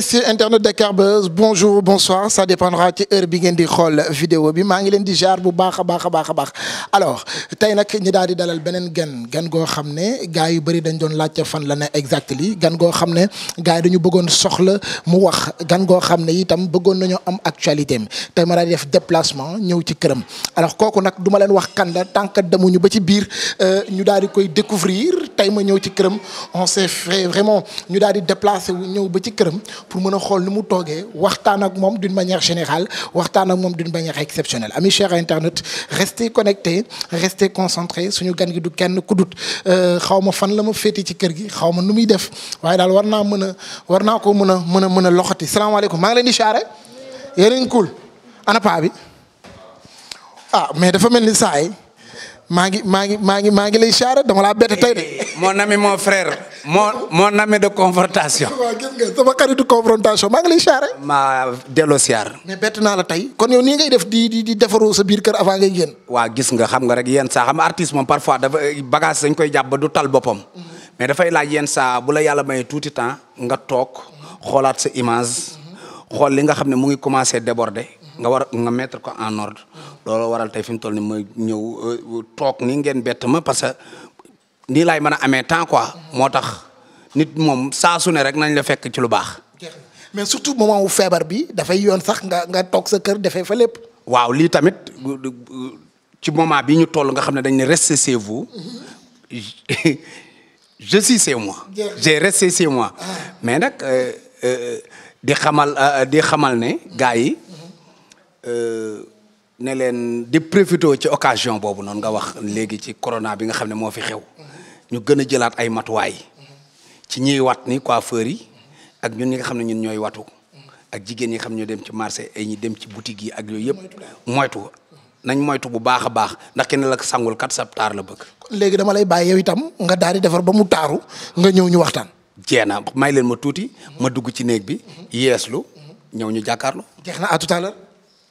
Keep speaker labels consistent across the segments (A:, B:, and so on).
A: sur internet Dakar Buzz bonjour bonsoir ça dépendra ci heure bi ngeen di xool vidéo bi maa ngi leen di jaar bu baax a baax a baax a baax tey nag ñi daal di dalal beneen gan gan goo xam ne gars yu bëri dañ doon laajte fan la ne exact li gan goo xam ne gars yi dañu bëggoon soxla mu wax gan goo xam ne itam bëggoon nañu am actualité tey ma daal di def déplacement ñëw ci këram alors kooku nag du ma leen wax kan la tant demuñu ba ci biir euh, ñu daal di koy découvrir tey ma ñëw ci këram on s'est fait vraiment ñu daal di déplacé wu ñëw ba ci këram pour mën a xool nu mu toogee waxtaan ak moom d'une manière général waxtaan ak moom d'une manière exceptionnelle amis chers internautes restez connectés restez concentrés suñu gan gi du kenn ku dut euh, xaw ma fan la ma féete ci kër gi xaw ma nu muy def waaye daal war naa mën a war naa ko mën a mën a mën a loxati salaamaaleykum maa ngi leen di xaare yeneen a ngi bi ah mais dafa mel ni saay maa ngi maa ngi maa ngi maa ngi lay siyaare dama laa bett tey de. Eh,
B: eh, mon ami mon frère. mon mon ami de confrontation. waaw gis
A: nga sama xaritu maa ngi lay siyaare.
B: maa delloo siyaar. mais bett naa la
A: tey kon yow nii
B: ngay def di di di defaroo sa biir kër avant ngay génn. waa gis nga xam nga rek yéen saa xam artiste moom parfois dafa bagage dañ koy jàpp tal boppam. Mhm. mais dafay laaj yenn saa bu la yàlla may tuuti temps nga toog xoolaat sa image. xool li nga xam ne mu ngi commencé déborder. nga war nga mettre ko en ordre loolu waral tey fi mu toll ni ma ñëw euh, toog ni ngeen bett ma parce que nii laay mën a amee temps quoi moo tax nit moom saa ne rek nañ la fekk ci lu baax.
A: mais surtout moment wu feebar bi dafay yoon sax nga nga toog sa kër defee fa lépp.
B: waaw lii tamit ci moment bi ñu toll nga xam ne dañ ne restez chez vous je suis chez moi. j'ai resté chez moi. Ah. mais nag euh, euh, di xamal di xamal ne gars yi. Euh, ne leen di profité ci occasion boobu noonu nga wax léegi ci corona bi nga xam ne moo fi xew ñu gën a jëlaat ay matuwaay ci ñiy wat ni coiffeur yi ak ñun ñi nga xam ne ñun ñooy watu ak jigéen ñi xam ne ñoo dem ci marché ay ñi dem ci boutique yi ak yooyu yëpp moytu nañ moytu bu baax a baax ndax kenn la sangul kat sa taar la bëgg.
A: léegi dama lay bàyyi yow itam nga daal di defar ba mu taaru nga ñëw ñu waxtaan.
B: jeena may leen ma tuuti ma dugg ci néeg bi yeeslu ñëw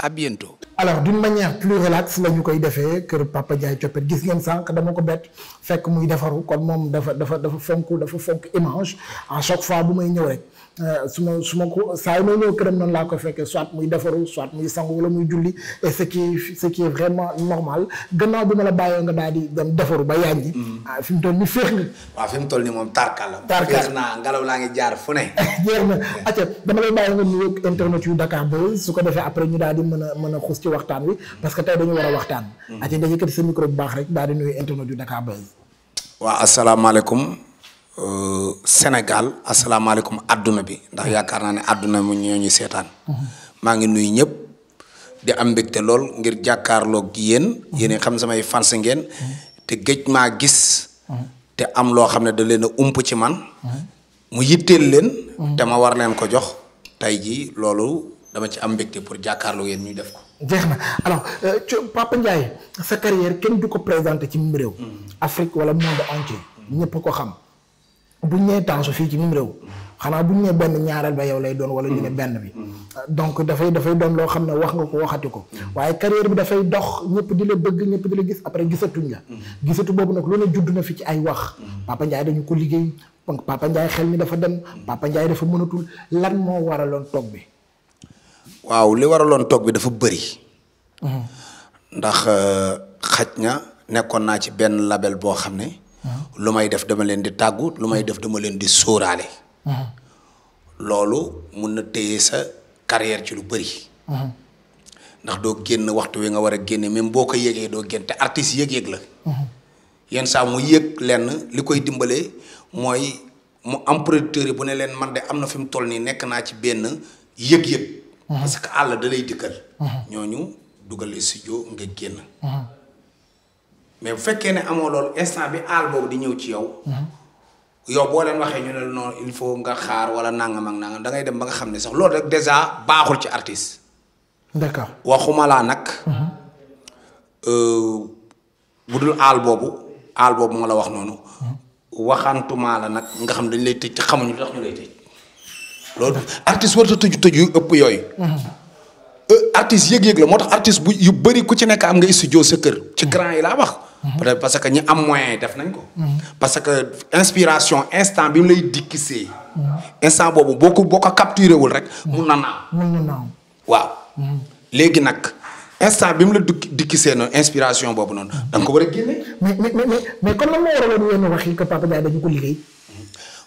B: à bientôt.
A: alors d'une manière plus relaxe la ñu koy defee kër Papa jaay Coppet gis ngeen sànq dama ko bett fekk muy defaru kon moom dafa dafa dafa fonk dafa fonk image à chaque fois bu may ñëw rek. Euh, su ma su ma ko saa yi may ñëw këram noonu laa ko fekkee soit muy defaru soit muy sangu wala muy julli et ce qui ce qui est vraiment normal gannaaw bi ma la bàyyoo nga daal di defaru ba yànji. Mm-hmm. ah fi mu toll nii féex nga.
B: waaw fi mu toll nii moom tarkal la. tarkal féex naa ngelaw laa ngi jaar fu ne.
A: jeex na acca dama lay bàyyi nga nuyoog internet yu Dakar Buzz su ko defee après ñu daal di mën a mën a xuus ci waxtaan wi parce que tey dañu war a waxtaan. Mm-hmm. acca nga yëkkati sa micro bu baax rek daal di
B: Euh, Sénégal asalaamaaleykum àdduna bi ndax yaakaar naa ne àdduna mu ñoo ñu seetaan. maa ngi nuyu ñëpp di am mbégte lool ngir jàkkaarloog yéen. yéen xam samay fans ngeen. te géej maa gis. te am loo xam ne da leen ump ci man. mu yitteel leen. te ma war leen ko jox tey jii loolu dama ci am mbégte pour jàkkaarloo yéen ñuy def ko.
A: jeex na alors euh, Papa Ndiaye sa carrière kenn du ko présenté ci réew. Hmm. Afrique wala monde entier ñëpp ko xam. bu buñ nee Tange fii ci mim réew xanaa buñ nee benn ñaareel ba yow lay doon wala ñu ne mm-hmm. benn bi mm-hmm. donc dafay dafay doon loo xam ne wax nga ko waxati ko mm-hmm. waaye carrière bi dafay dox ñëpp di la bëgg ñëpp di la gis après gisatuñ la gisatu boobu nag loolu ne judd na fi ci ay wax Papa Ndiaye dañu ko liggéey Papa Ndiaye xel mi dafa dem Papa Ndiaye dafa mënatul lan moo waraloon toog bi
B: waaw li waraloon toog bi dafa bëri ndax euh, xaj na nekkoon naa ci benn label boo xam ne lu may def dama leen di tàggu lu may def dama leen di sóoraale. loolu mun na téye sa carrière ci lu bëri. ndax doo génn waxtu wi nga war a génne même boo ko yëgee doo génn te artiste yëg-yëg la. yenn saa mu yëg lenn li koy dimbalee mooy mu am producteur yi bu ne leen man de am na fi mu toll nii nekk naa ci benn yëg-yëg. Mhm. parce que àll da dikkal. Mhm. ñooñu dugal studio nga génn. Mhm. mais bu fekkee ne amoo loolu instant bi aal boobu di ñëw ci yow. yow boo leen waxee ñu ne non il faut nga xaar wala nangam ak nangam dangay ngay dem ba nga xam ne sax loolu rek déjà baaxul ci artiste. d'accord waxuma laa nag. Mhm. Euh, bu dul aal boobu aal boobu ma la wax noonu. Mhm. waxantuma la nag nga xam dañ lay tëj te xamuñu tax ñu lay tëj. loolu artiste warut a tëju tëju yu ëpp yooyu. Mhm. Euh, artiste yëg-yëg la moo tax artiste bu yu bëri ku ci nekk am nga studio sa kër. ci grand yi laa Mhm. peut parce que ñu am moyen yi def nañ ko. Mhm. parce que inspiration instant bi mu lay dikkisee. Mhm. instant boobu boo ko boo ko wul rek. mun na
A: naaw
B: waaw. nag instant bi mu la dikk dikkisee noonu inspiration boobu noonu. da nga ko war a génne.
A: mais mais mais mais ko liggéey.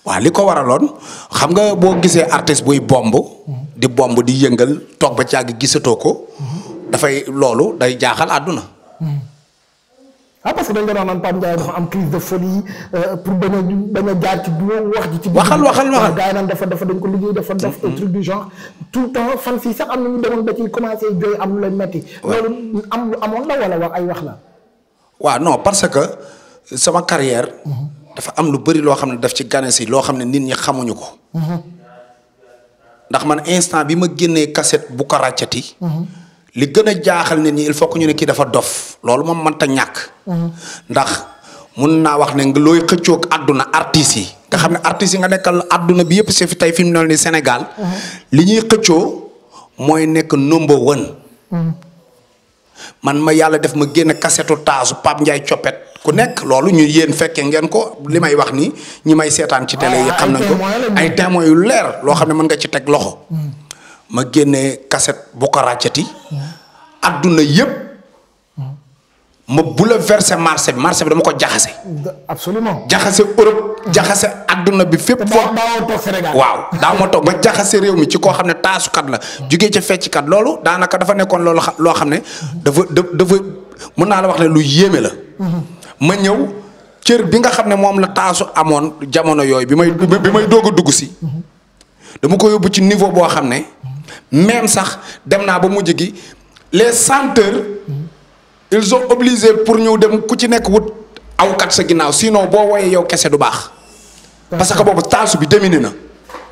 B: waaw li ko waraloon xam nga boo gisee artiste buy bomb. di bomb di yëngal toog ba càgg gisatoo ko. dafay loolu day jaaxal àdduna.
A: ah parce que dañ doon naan Pape Ndiaye dafa am crise de folie euh, pour bañ a a jaar ci bureau wax ji ci. waxal waxal waxal gars dafa dafa dañ ko liggéey dafa def. Mm-hmm. truc du genre tout le temps fan si sax am na ñu demoon ba ci commencé jooy am lu lay metti. loolu am lu amoon la wala wax ay wax la.
B: waaw no parce que sama carrière. Mm-hmm. dafa am lu bëri loo xam ne daf ci gane si loo xam ne nit ñi xamuñu ko. Mm-hmm. ndax man instant bi ma génnee cassette bu ko ràccati. li gën a jaaxal nit ñi il faut que ñu ne kii dafa dof loolu moom mënta ñàkk. Mm-hmm. ndax mun naa wax ne looy xëccoog àdduna artistes yi nga xam ne artistes yi nga nekkal àdduna bi yëpp si fi tey fi mu ne nii Sénégal. Mm-hmm. li ñuy xëccoo mooy nekk number one. Mm-hmm. man ma yàlla def ma génn kasetu taasu Pape njaay coppet ku nekk loolu ñu yéen fekkee ngeen ko li may wax nii ñi may seetaan ci télé yi xam nañ ko ay témoins yu leer loo xam ne mën nga ci teg loxo. ma génne kaset bu ko Cati àdduna yëpp ma bouleversé marché bi marché bi dama ko jaxase. absolument jaxase Europe jaxase adduna bi fépp. foo daawoo toog waaw daa ma toog ba jaxase réew mi ci koo xam ne taasukat la. jugee ca fecckat loolu daanaka dafa nekkoon loolu loo xam ne. dafa dafa mën naa la wax ne lu yéeme la. ma ñëw cër bi nga xam ne moom la taasu amoon jamono yooyu bi may bi may doog a dugg si. dama ko yóbbu ci niveau boo xam ne. même sax dem naa ba mujj gi les chanteurs ils ont obligé pour ñu dem ku ci nekk wut awkat sa ginnaaw sinon boo woyee yow kese du baax. parce que boobu taasu bi demine na.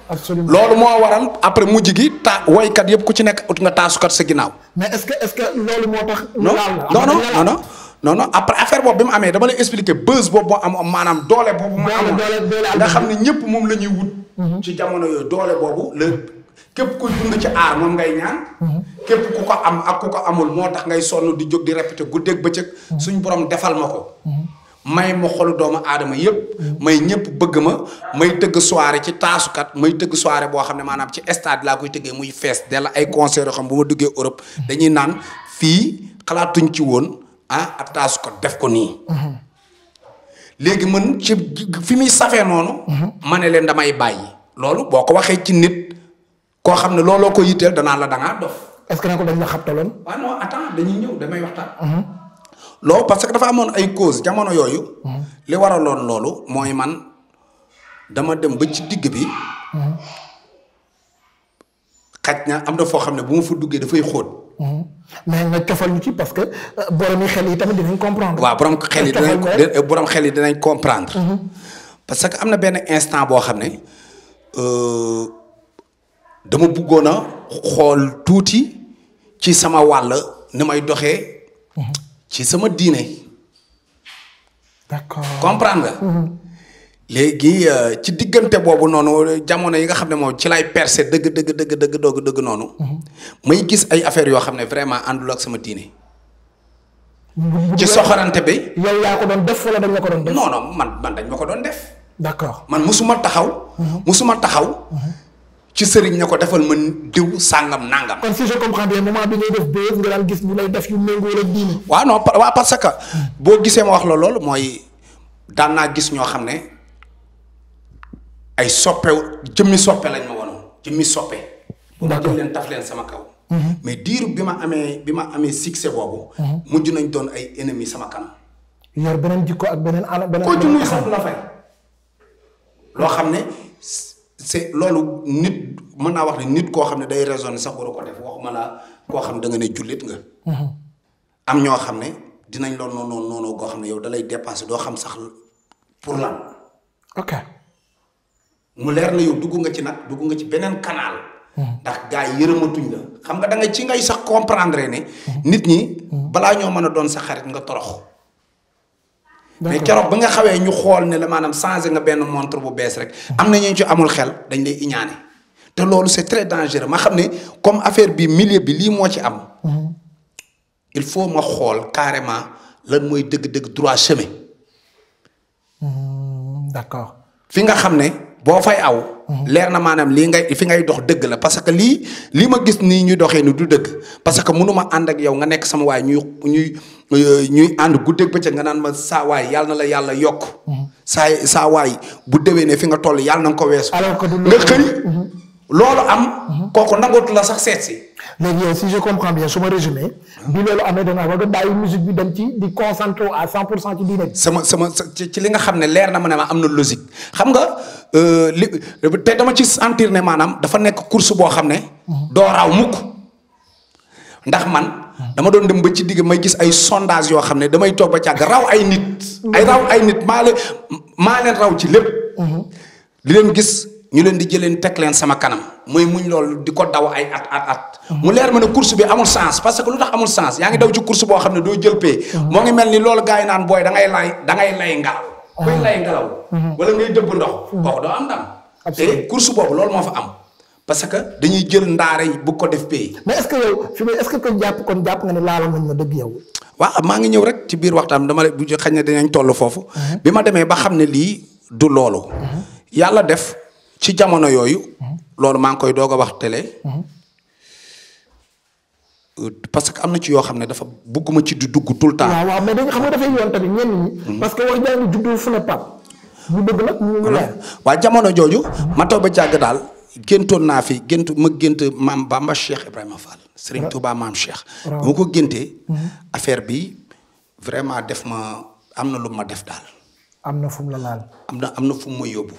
B: absolument loolu moo waral après mujj gi ta woykat yëpp ku ci nekk ut nga taasukat sa ginnaaw. mais est-ce est que loolu moo tax. non non non après affaire boobu bi mu amee dama lay expliquer buzz boobu moo am maanaam doole boobu. ma amoon nga xam ne ñëpp moom la ñuy wut. Mhm. ci jamono yooyu doole boobu képp kuy dund ci aar moom ngay ñaan. képp ku ko am ak ku ko amul moo tax ngay sonn di jóg di répété guddeeg bëccëg. suñ borom defal ma ko. may ma xolu doomu aadama yëpp. may ñëpp bëgg ma may tëgg soirée ci taasukat may tëgg soirée boo xam ne maanaam ci stade laa koy tëggee muy fees della ay concert xam bu ma duggee Europe dañuy naan fii xalaatuñ ci woon ah ab taasukat def ko nii. léegi man ci fi muy safee noonu. ma ne leen damay bàyyi. loolu boo ko waxee koo xam ne looloo ko yitteel danaa la dangaa dof. est-ce que ne ko dañ la xabtaloon. Ah mhm. loolu parce que dafa amoon ay cause jamono yooyu. Mhm. li waraloon loolu mooy man dama dem ba ci digg bi. Mhm. xaj na am na foo xam ne bu ma fa duggee dafay xóot.
A: mais nga cofal ci parce que euh, borom xel yi tamit dinañ comprendre. waaw borom xel yi
B: dinañ borom comprendre. parce que am na benn instant boo xam ne. Euh, dama bëggoon a xool tuuti ci sama wàll ni may doxee ci sama diine d'accord comprendre nga mhm. léegi euh, ci diggante boobu noonu jamono yi nga xam ne moom ci lay perse dëgg dëgg dëgg dëgg dëgg dëgg noonu mhm. may gis ay affaires yoo xam ne vraiment àndul ak sama diine
A: ci soxorante
B: bi yow yaa ko doon def wala dañ la ko doon def non man man dañ ma ko doon def d'accord man mosuma taxaw musuma taxaw mhm. ci sëriñ ne ko defal ma diw sàngam nangam. kon si je comprends bien moment bi ngay def bés nga daan gis ñu lay def yu méngoo la diine. waa non waaw parce que boo gisee ma wax la loolu mooy daan naa gis ñoo xam ne ay soppe jëmmi soppe lañ ma wonoon jëmmi soppe. ndax jël leen taf leen sama kaw. Mm-hmm. mais diiru bi ma amee bi ma amee succès boobu. Mm-hmm. mujj nañ doon ay ennemis sama kanam.
A: yor beneen jikko ak beneen ala beneen. ko ci muy sax
B: la fay. loo xam ne. c'est loolu nit mën naa wax ne nit koo xam ne day raisonné sax waru ko def waxuma laa koo xam da nga ne jullit nga. Mhm. am ñoo xam ne dinañ loolu noonu noonu goo xam ne yow da lay dépassé doo xam sax pour lan. ok. mu leer na yow dugg nga ci nag dugg nga ci beneen kanaal mhm. ndax gars yi yërëmatuñ la. xam nga da nga ci ngay sax comprendre ne. Mhm. nit ñi. balaa ñoo mën a doon sa xarit nga torox. mais keroog ba nga xawee ñu xool ne la maanaam changé nga benn montre bu bees rek am na ñu ci amul xel dañ lay iñaane te loolu c'est très dangereux ma xam ne comme affaire bi milieu bi lii moo ci am mm-hmm. il faut ma xool carrément lan mooy dëgg-dëgg droit chemin
A: mm-hmm. d'accord
B: fi nga xam ne boo fay aw mm-hmm. leer na maanaam lii ngay fi ngay dox dëgg la parce que lii li ma gis nii ñu doxee ni du dëgg parce que mënuma ànd ak yow nga nekk sama waay ñuy ñuy Euh, ñuy ànd guddeeg bëccëg nga naan ma saawaay yàlla na la yàlla yokk. Mhm. saa saawaay bu déwee ne fi nga toll yàlla na nga ko weesu.
A: nga xëy
B: mhm. loolu am. Mhm. kooku nangootu la sax seet si.
A: léegi yow si je comprends su ma résumé.
B: bi loolu amee da a bàyyi musique dem ci di concentré à 100 pour cent ci sama sama ci li nga xam ne leer na ma ne am na logique xam nga euh, li te dama ci sentir ne maanaam dafa nekk course boo xam ne. doo raaw mukk ndax man. dama doon dem ba ci digg may gis ay sondage yoo xam ne damay toog ba càgg raw ay nit. ay raw ay nit maa leen maa leen raw ci lépp. di leen gis ñu leen di jëleen teg leen sama kanam mooy muñ loolu di ko daw ay at at at. mu leer ma ne course bi amul sens parce que lu tax amul sens yaa ngi daw ci course boo xam ne doo jël pay. moo ngi mel ni loolu gars yi naan booy dangay ngay lay da lay ngelaw. Ah. kuy lay ngelaw. Mhm. wala ngay dëbb ndox. kooku mhm. doo am ndam. te eh, course boobu loolu moo fa am. parce que dañuy jël ndaare yi bugg ko def pay. mais est-ce que yow fi may est-ce kon jàpp
A: kon jàpp nga ne laaloon nañ ma dëgg yow.
B: waaw maa ngi ñëw rek ci biir waxtaan dama lay bu xañ ne dinañ toll foofu. Uh-huh. bi ma demee ba xam ne lii du loolu. Uh-huh. yàlla def ci jamono yooyu. Uh-huh. loolu maa ngi koy doog a wax télé. Euh, parce que am na ci yoo xam ne dafa bëgguma ci di dugg tout le temps. waaw waaw mais dañu xam ne dafay yoon tamit ñenn ñi. Mm-hmm. parce que wax jaa ngi juddoo fu ne pap. ñu bëgg nag ñu leer. waaw jamono jooju. ma toog ba jàgg daal. géntoon naa fi géntu ma gént maam Bamba Cheikh Ibrahima Fall Serigne Touba maam Cheikh bu ma ko géntee mhm. affaire bi vraiment def ma am na lu ma def daal
A: am na fu la laal
B: am na am na fu ma yóbbu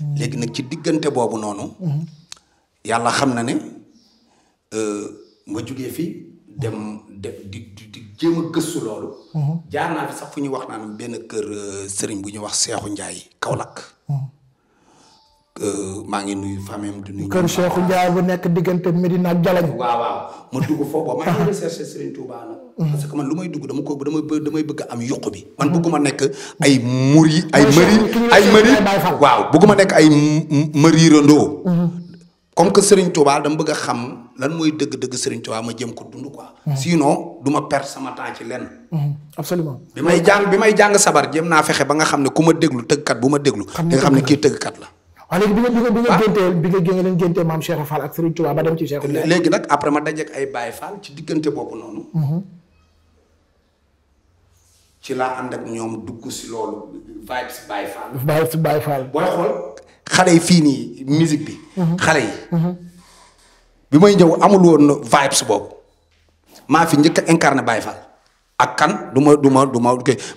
B: mhm. léegi nag ci diggante boobu noonu mhm. yàlla xam na ne euh, ma jugee fi dem de di di jéem a gëstu loolu jaar naa fi sax fu ñu wax naan benn kër euh, sëriñ bu ñu wax Seexu Njaay Kaolack euh, maa ngi nuyu famille
A: di nuyu. kër Cheikhou Ndiaye bu nekk diggante Medina ak Jalañ.
B: waaw waaw ma dugg foofu maa ngi recherché Serigne Touba mm-hmm. parce que man lu may dugg dama ko dama damay bëgg am yokk bi. man bëgguma nekk ay muri mm-hmm. ay mëri ay mëri waaw ay mëri rëndoo. Mm-hmm. que Serigne Touba dama bëgg a xam lan mooy dëgg-dëgg Serigne Touba ma jëm ko dund quoi. sinon du ma perdre sama temps ci lenn.
A: absolument bi may
B: jàng bi may jàng sabar jëm naa fexe ba nga xam ne ku ma déglu tëggkat bu ma déglu. da nga xam ne kii tëggkat la.
A: waaw léegi bi nga bi nga ah. géntee bi nga génne leen géntee maam Cheikh Fall ak Serigne Touba ba dem ci Cheikh léegi
B: nag après ma dajeek ay Baye Fall ci diggante boobu noonu mm-hmm. ci laa ànd ak ñoom dugg si loolu vibes Baye Fall vibes xale yi fii nii musique bi mm-hmm. xale yi mm-hmm. bi may ñëw amul woon vibes boobu maa fi njëkk a incarné Baye ak kan du ma du ma du ma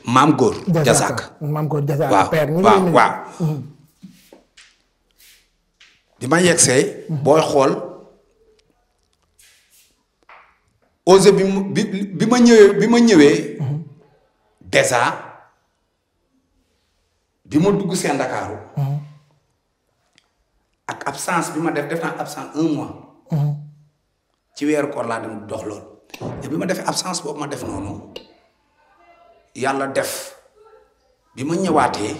B: maam góor jasaak
A: maam góor jasaak waaw
B: li ma yegsee booy xool ose bi mu bi bi ma ñëwee bi ma ñëwee déjà bi ma dugg seen Ndakaaru ak absence bi ma def def naa absence un mois ci weeru koor laa dem dox lool te bi ma defee absence boobu ma def noonu yàlla def bi ma ñëwaatee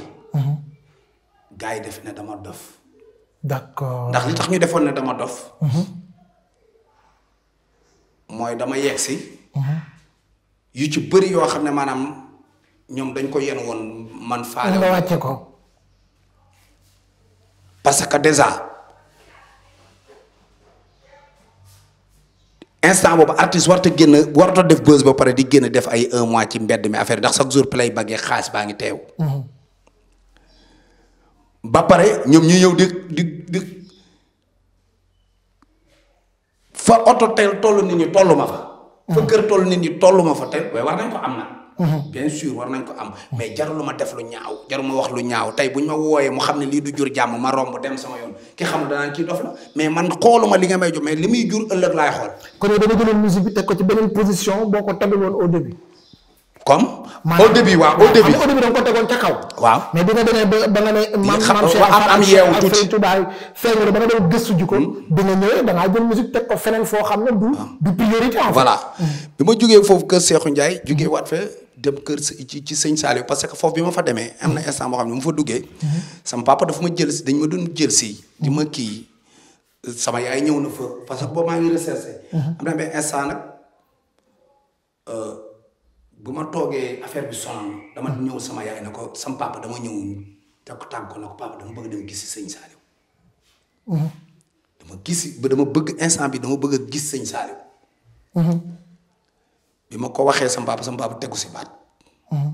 B: gars yi defe ne dama dof
A: d'accord ndax li
B: tax ñu defoon ne dama dof. Mhm. mooy dama yegg si. Mhm. yu ci bëri yoo xam ne maanaam ñoom dañ ko yen woon man. faale nga ko. parce que déjà instant boobu artiste warta génn warto def buzz ba pare di génn def ay un mois ci mbedd mi affaire ndax chaque jour play baggee xaalis baa ngi teew. Mhm. ba pare ñoom ñu ñëw di fa oto teel toll nit ñi tollu ma fa. fa mhm. kër toll nit ñi tollu ma fa teel waaye war nañ ko am na. Mhm. bien sûr war nañ ko am mhm. mais jarul ma def lu ñaaw jarul ma wax lu ñaaw tey ñu ma wooyee mu xam ne lii du jur jàmm ma romb dem sama yoon ki xamul danaan kii dof la mais man xooluma li nga may jox mais li muy jur ëllëg laay xool. kon yow dama jëloon bi teg ko ci beneen position boo ko tegal woon au bi comme. au début waaw waaw au début da nga ko tegoon ca kaw. waaw
A: mais bi nga demee ba nga ne. maam maam am hmm. da ngaa jël musique teg ko feneen foo ah.
B: hmm. ma jugee foofu kër Cheikhou Ndiaye hmm. jugee waat fa dem kër ci ci bi ma fa demee am na instant boo xam ne mu fa duggee. sama papa dafa ma jël si dañ ma doon jël ma instant nag. Euh, bu ma toogee affaire bi sonn dama ñëw sama yaay na ko sama dama ñëw te ko tàgg ko na ko papa dama bëgg mhm. dama gis bëgg instant bi dama bëgg gis sëñ Saliou. Mhm. bi ma ko waxee sama papa sama tegu si baat. Mhm.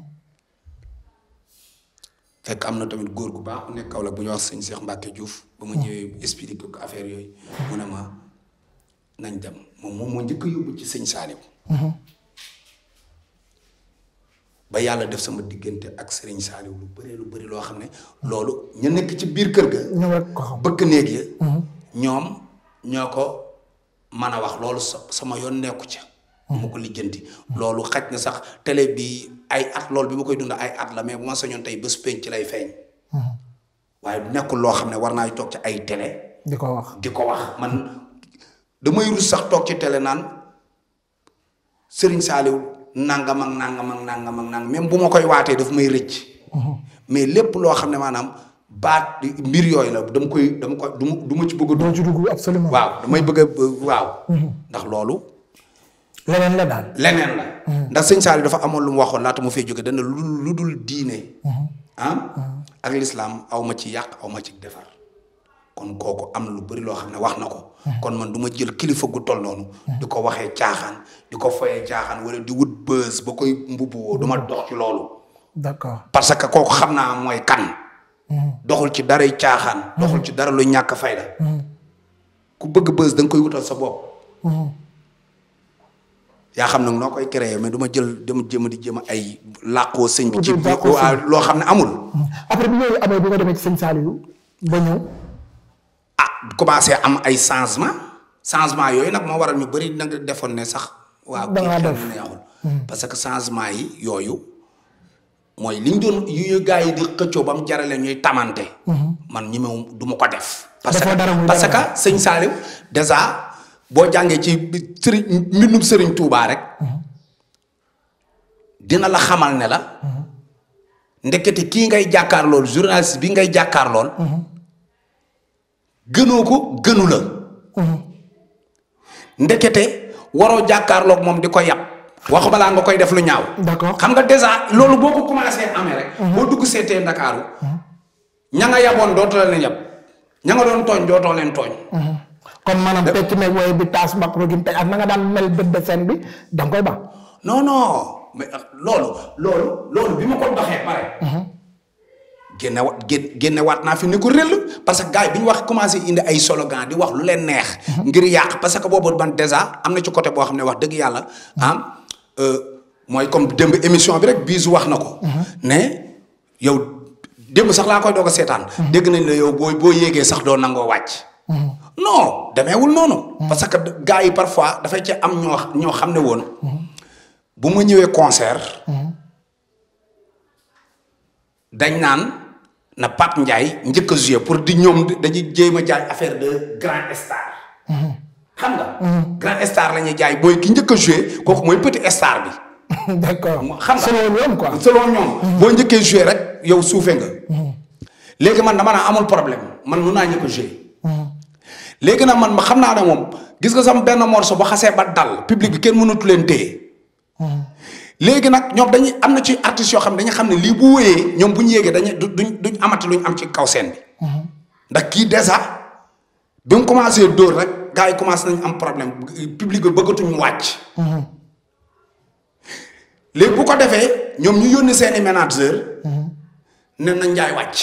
B: fekk am na tamit góor gu baax ku nekk Kaolack bu ñuy wax sëñ Cheikh Mbacke Diouf. ba ma ñëwee expliqué ko affaire yooyu. mu ne ma nañ dem moom moom moo njëkk yóbbu ci sëñ Saliou. ba yàlla def sama diggante ak sëriñ Saliou lu baree lu bari loo xam ne loolu ñu nekk ci biir kër ga bëkk néeg ya mhm. ñoom ñoo ko mën a wax loolu sama yoon nekku ca mhm. ma ko loolu xaj na sax télé bi ay at loolu bi ma koy dund ay at la sañoon tey bés penc ci lay feeñ mhm. waaye nekkul loo xam ne war naa toog ci ay télé di ko wax di ko wax man damay rus sax toog ci télé naan Serigne Saliou nangam ak nangam ak nangam ak nangam même bu ma koy waatee daf may rëcc. Mhm. mais lépp loo xam ne maanaam baat mbir yooyu la dama koy dama koy du ma ci bëgg a. doo ci dugg absolument waaw damay bëgg a waaw. Mhm. ndax loolu. leneen la daal. leneen la. Mhm. ndax sëñ Saliou dafa amoon lu mu waxoon laata mu fee jóge dana lu lu dul diine. ah ak lislaam aw ma ci yàq aw ma ci defar. kon kooku am lu bëri loo xam ne wax na ko. kon man duma jël kilifa gu toll noonu. di ko waxee caaxaan di ko foyee caaxaan wala di wut bës ba koy mbubboo du ma dox ci loolu. d'accord parce que kooku xam naa mooy kan. doxul ci daray caaxaan. doxul ci dara lu ñàkk fay fayda. ku bëgg bës da koy wutal sa bopp. yaa xam nag noo koy créé mais du jël dama jéem a di jéem a ay làqoo sëñ bi. ci loo xam ne amul.
A: après bi loolu amee bi nga demee ci sëñ Saliou
B: commencé am ay changement changement yooyu nag moo waral ñu bëri nag defoon ne sax. waaw kii neexul hmm. parce que changement yi yooyu mooy liñ doon yu yi di xëccoo ba mu jarale ñuy tamante. Hmm. man ñi du ma ko def. parce que parce que sëñ Saliou déjà boo jàngee ci sëriñ mbindum sëriñ Touba rek. Hmm. dina la xamal ne la. ndekete kii ngay jàkkaar lool journaliste bi ngay jàkkaar lool. gënoo ko gënu la. Mmh. ndekete waroo jàkkaar jàkkaarloog moom di ko yàq. waxu balaa nga koy def lu ñaaw. d'accord xam nga déjà loolu boo ko commencé amee rek. Mmh. boo dugg seetee Ndakaaru. Mmh. ña nga yaboon dootoo leen yab ña nga doon tooñ dootoo leen tooñ.
A: kon maanaam pecc meeg woy bi taas mbaq rogin tey ak na daan mel bët de seen bi da nga
B: koy ba. non non euh, loolu. loolu loolu bi ma ko doxee pare. génne wa naa fi ni ko réll parce que gars yi bi ñu wax commencé indi ay solo slogan di wax lu leen neex. ngir yàq parce que boobu ban dèjà am na ci côté boo xam ne wax dëgg yàlla. Ah, euh, mooy comme démb émission bi rek biisu wax na ko. ne yow démb sax laa koy doog seetaan. dégg nañ la yow boo boo yéegee sax doo nangoo wàcc. non demeewul noonu. parce que gars yi parfois dafay ci am ñoo ñoo xam ne woon. bu ma ñëwee concert. dañ naan. na Pape Ndiaye njëkk a joué pour di ñoom dañuy jéem a jaay affaire de grand star. xam nga. grand star la ñuy jaay booy ki njëkk a joué kooku mooy petit star bi. d' accord xam nga selon ñoom quoi. selon ñoom. Mm-hmm. boo njëkkee joué rek yow suufee nga. Mm-hmm. léegi man man naa amul problème man mun naa ñu ko mm-hmm. léegi nag man ma xam naa ne moom gis nga sama benn morceau ba xasee ba dal public bi kenn mënatu leen téye. léegi nag ñoom dañuy am na ci artistes yoo xam dañu xam ne lii bu wéyee ñoom bu ñu yéegee dañuy duñ duñ amati ñu am ci kaw seen bi. Mhm. ndax kii dèjà bi mu commencé dóor rek gars yi commencé nañ am problème public bi bëggatuñ wàcc. Mhm. léegi bu ko defee ñoom ñu yónni seen i manager mhm. ne na njaay wàcc.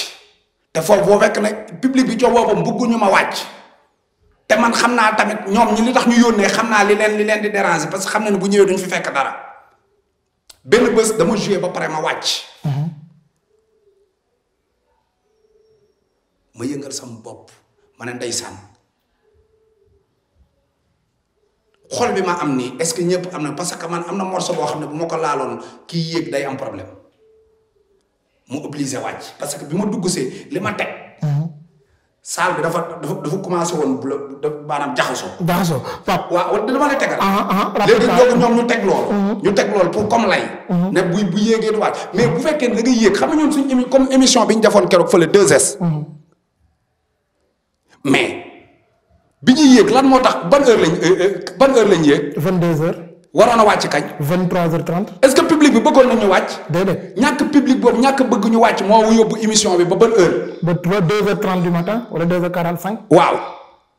B: te foofu boo fekk ne public bi coowoo ko bëgguñu ma wàcc. te man xam naa tamit ñoom ñu li tax ñu yónnee xam naa li leen li leen di déranger parce que xam na ne bu ñëwee duñ fi fekk dara. benn bës dama joué ba pare ma wàcc. Mhm. ma yëngal sama bopp ma ne day ndeysaan xol bi ma am nii est-ce que ñëpp am na parce que man am na morceau boo xam ne bu ma ko laaloon kii yéeg day am problème mu obligé wàcc parce que bi ma dugg see li ma teg. Mhm. saal bi dafa dafa dafa commencé woon bu la maanaam jaxasoo. jaxasoo Pape. waaw dama lay tegal. Ah, ah, léegi léegi ñoom ñu teg loolu. Mm-hmm. ñu teg loolu pour comme lay. Mm-hmm. ne bu bu yéegee du waat mais bu fekkee da nga yéeg xam nga ñun suñ émi comme émission bi ñu defoon keroog fële 2S. Mm-hmm. mais bi ñu yéeg lan moo tax ban heure lañ euh, euh, ban heure lañ yéeg. 22h. waroon a wàcc kañ. 23h30. est-ce que public bi bëggoon nañu wàcc. déedéet ñàkk public boobu ñàkk bëgg ñu wàcc moo yóbbu émission bi ba ban heure. ba 2 du matin waaw.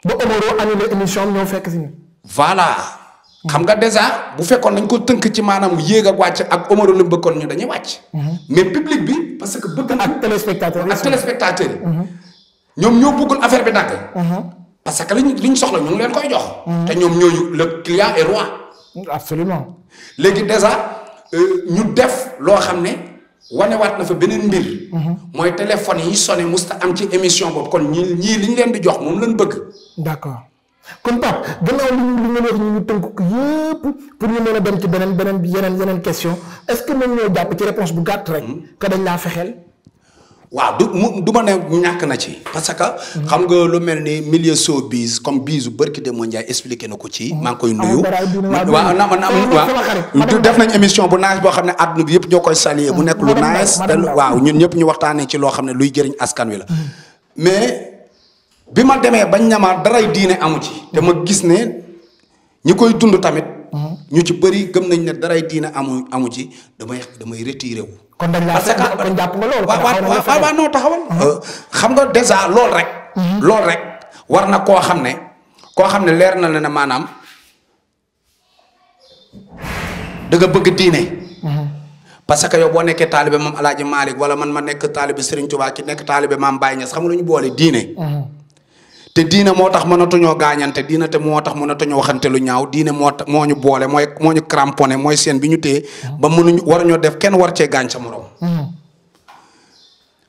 A: ba Omaro annulé émission am ñoo fekk si ñu.
B: voilà. xam nga déjà bu fekkoon dañ ko tënk ci maanaam yéeg ak wàcc ak Omaro lu bëggoon ñu dañuy wàcc. Mhm. mais public bi parce que bëgg. ak téléspectateur ak téléspectateur yi. Mhm. ñoom ñoo bëggul affaire bi dàgg. Mhm. parce que liñ liñ soxla ñu ngi leen koy jox. te ñoom
A: absolument
B: léegi déjà euh, ñu def loo xam ne wanewaat na fa beneen mbir. Mhm. mooy téléphone yi sonné musta am ci émission boobu kon ñii ñii liñ leen di jox moom lañ bëgg.
A: d'accord kon Pape gannaaw li ñu li nga wax ñu ngi tënk ko yëpp pour ñu mën a dem ci beneen beneen yeneen yeneen question est-ce que mën ñoo jàpp ci réponse bu gàtt rek. Mhm. que dañ laa fexeel.
B: waaw du mu du ma ne ñàkk na ci. parce que xam nga lu mel ni milieu bise comme bisu barki de Ndiaye expliqué na ko ci. Mm-hmm. maa ngi koy ah, nuyu. waaw na ma na waaw def nañ émission bu naaj boo xam ne àdduna bi yëpp ñoo koy saluer mu nekk lu naaj. waaw ñun ñëpp ñu waxtaanee ci loo xam ne luy jëriñ askan wi la.
A: Mm-hmm.
B: mais bi ma demee bañ ñamaa daray diine amu ci. Mm-hmm. te ma gis ne ñi koy dund tamit. ñu ci bëri gëm nañ ne daray diine amu amu ci damay damay retiré wu. kon dañ laa kon jàpp nga loolu. waaw waaw waaw noo taxawal. xam nga dèjà lool rek. lool rek war na koo xam ne koo xam ne leer na la ne maanaam da nga bëgg diine. parce que yow boo nekkee taalibe moom El Hadj Malick wala man ma nekk taalibe Serigne Touba ki nekk taalibe maam Baye Niass xam nga lu ñu boole diine. te diine moo tax mënatuñoo gaañante diine te moo tax mënatuñoo waxante lu ñaaw diine moo moo ñu boole mooy moo ñu cramponné mooy seen bi ñu téye mm-hmm. ba mënuñ waruñoo def kenn war cee gaañ sa morom. Mm-hmm.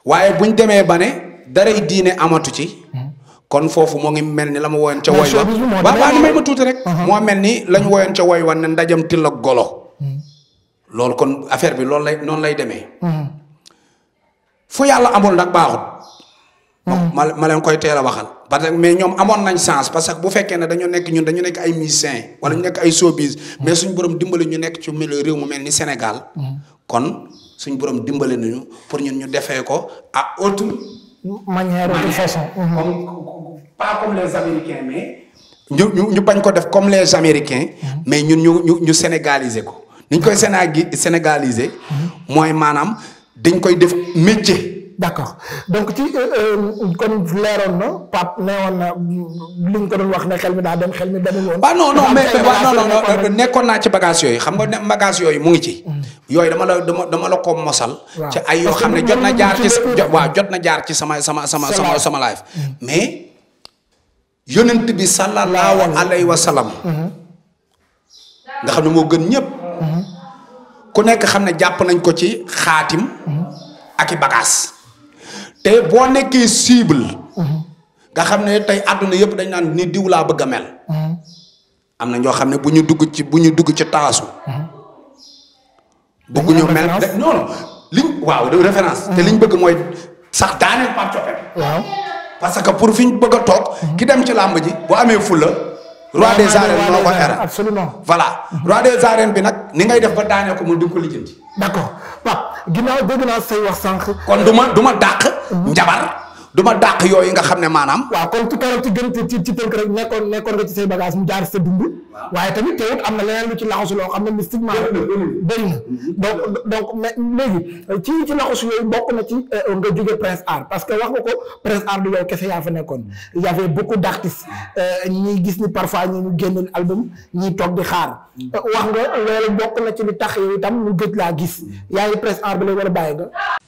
B: waaye buñ demee ba ne daray diine amatu ci. Mm-hmm. kon foofu moo ngi mel ni la ma woyoon ca woy wa waa waa ni may ma tuuti rek moo mel ni la ñu woyoon ca woy wa ne ndajam til la golo loolu kon affaire bi loolu lay noonu lay demee fu yàlla amul nag baaxut Hmm. ma ma leen koy teel waxal. parce que mais ñoom amoon nañ chance parce que bu fekkee ne dañoo nekk ñun dañu nekk ay musiciens wala nekk ay showbiz mais suñu borom dimbali ñu nekk ci milieu mu mel ni Sénégal. Hmm. kon suñu borom dimbali nañu pour ñun ñu defee ko à autre
A: manière de façon. Hmm. comme pas
B: ñu ñu ñu bañ ko def comme les Américains. mais ñun ñu ñu ñu sénégaliser ko. ni ñu koy sénégaliser. mooy maanaam dañ koy def métier. d' accord
A: donc ci euh, euh, kon leeroon na Pape neewoon na li ko doon wax ne xel mi daa dem xel mi demul woon. Ah, waaw
B: non nekkoon naa ci bagage yooyu xam nga ne bagage yooyu mu ngi ci. Mm. yooyu dama la dama la ko mosal. ci ay yoo xam ne jot na jaar ci waaw jot na jaar ci sama sama sama sama sama life mm. mais yonent bi sallallahu alayhi wa sallam. Mm-hmm. nga xam ne moo gën ñëpp. Mm-hmm. ku nekk xam ne jàpp nañ ko ci xaatim. Mm-hmm. ak bagaas boo nekkee cible. nga xam ne tey àdduna yëpp dañ naan ni diw laa bëgg a mel. am na ñoo xam ne bu ñu dugg ci bu ñu dugg ci taasu. bëgg ñu mel rek non non liñ waaw référence. Mm-hmm. te liñ bëgg mooy sax daaneel Pape parce que pour fi ñu bëgg a toog. ki dem ci làmb ji boo amee fulla roi des arènes moo ko ere absolument voilà roi des arènes bi nag ni ngay def ba daanee ko mun di nga ko lijjanti. d'accord waaw ginnaaw dégg naa say wax sànq. kon du ma du ma dàq. Mhm. njabar. du dàq yooyu nga xam ne maanaam. waaw kon ci keroog ci gën ci
A: tënk rek nekkoon nekkoon nga ci say bagage mu jaar sa dund. waaye tamit teewut am na leneen lu ci laxasu loo xam ne mystiquement. na donc donc mais léegi ci ci laxasu yooyu na ci euh, nga jóge parce que wax nga yaa fa nekkoon y d' artistes euh, gis ni parfois ñi ñu génnoon album ñi toog di xaar. Euh, wax nga loolu bokk na ci li tax yow itam ñu gëj laa gis yaa ngi Prince Art ba war a bàyyi nga.